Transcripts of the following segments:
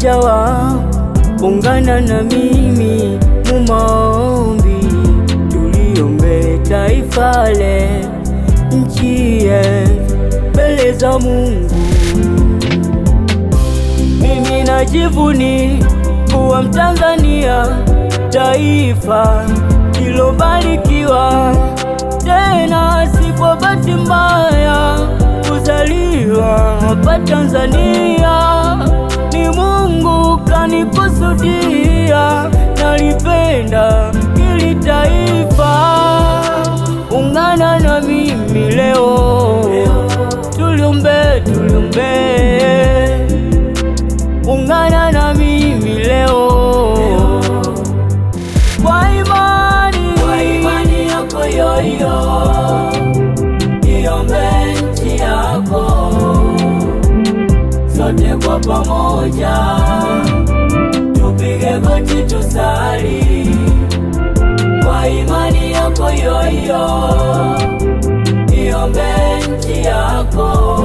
mmoja ungana na mimi mumaombi, tuliombe taifa letu, nchie mbele za Mungu. Mimi najivuni kuwa Mtanzania, taifa lilobarikiwa tena si kwa bahati mbaya kuzaliwa hapa Tanzania kusudia nalipenda ili taifa. Ungana na mimi leo, tuliombe tuliombe, ungana na mimi leo kwa imani, kwa imani yako yoyo Sote kwa pamoja hiyo, iombe nchi yako,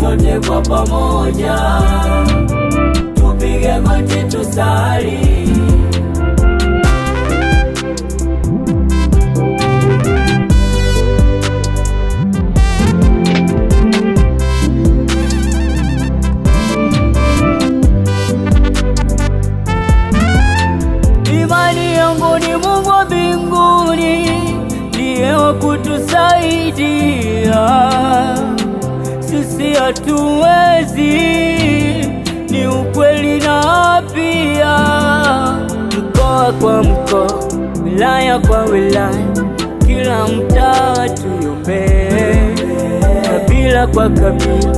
sote kwa pamoja tupige magoti tusali. Imani yangu ni Mungu kutusaidia sisi hatuwezi, ni ukweli na pia, mkoa kwa mkoa, wilaya kwa wilaya, kila mtaa tuyombee, kabila kwa kabila,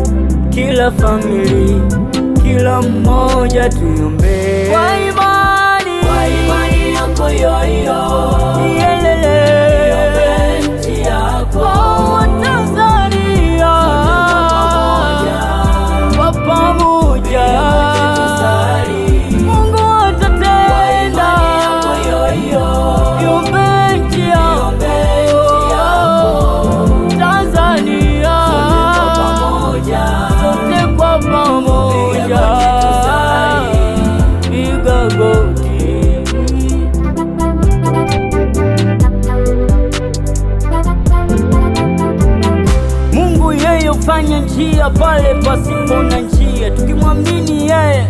kila familia, kila mmoja tuyombe kwa imani, kwa imani yako yoyo Alifanya njia pale pasipo na njia, tukimwamini yeye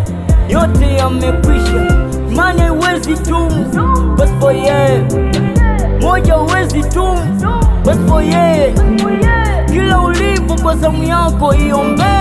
yote yamekwisha. Imani haiwezi tumu pasipo yeye, moja huwezi tumu pasipo yeye, kila ulipo kwa zamu yako iombee.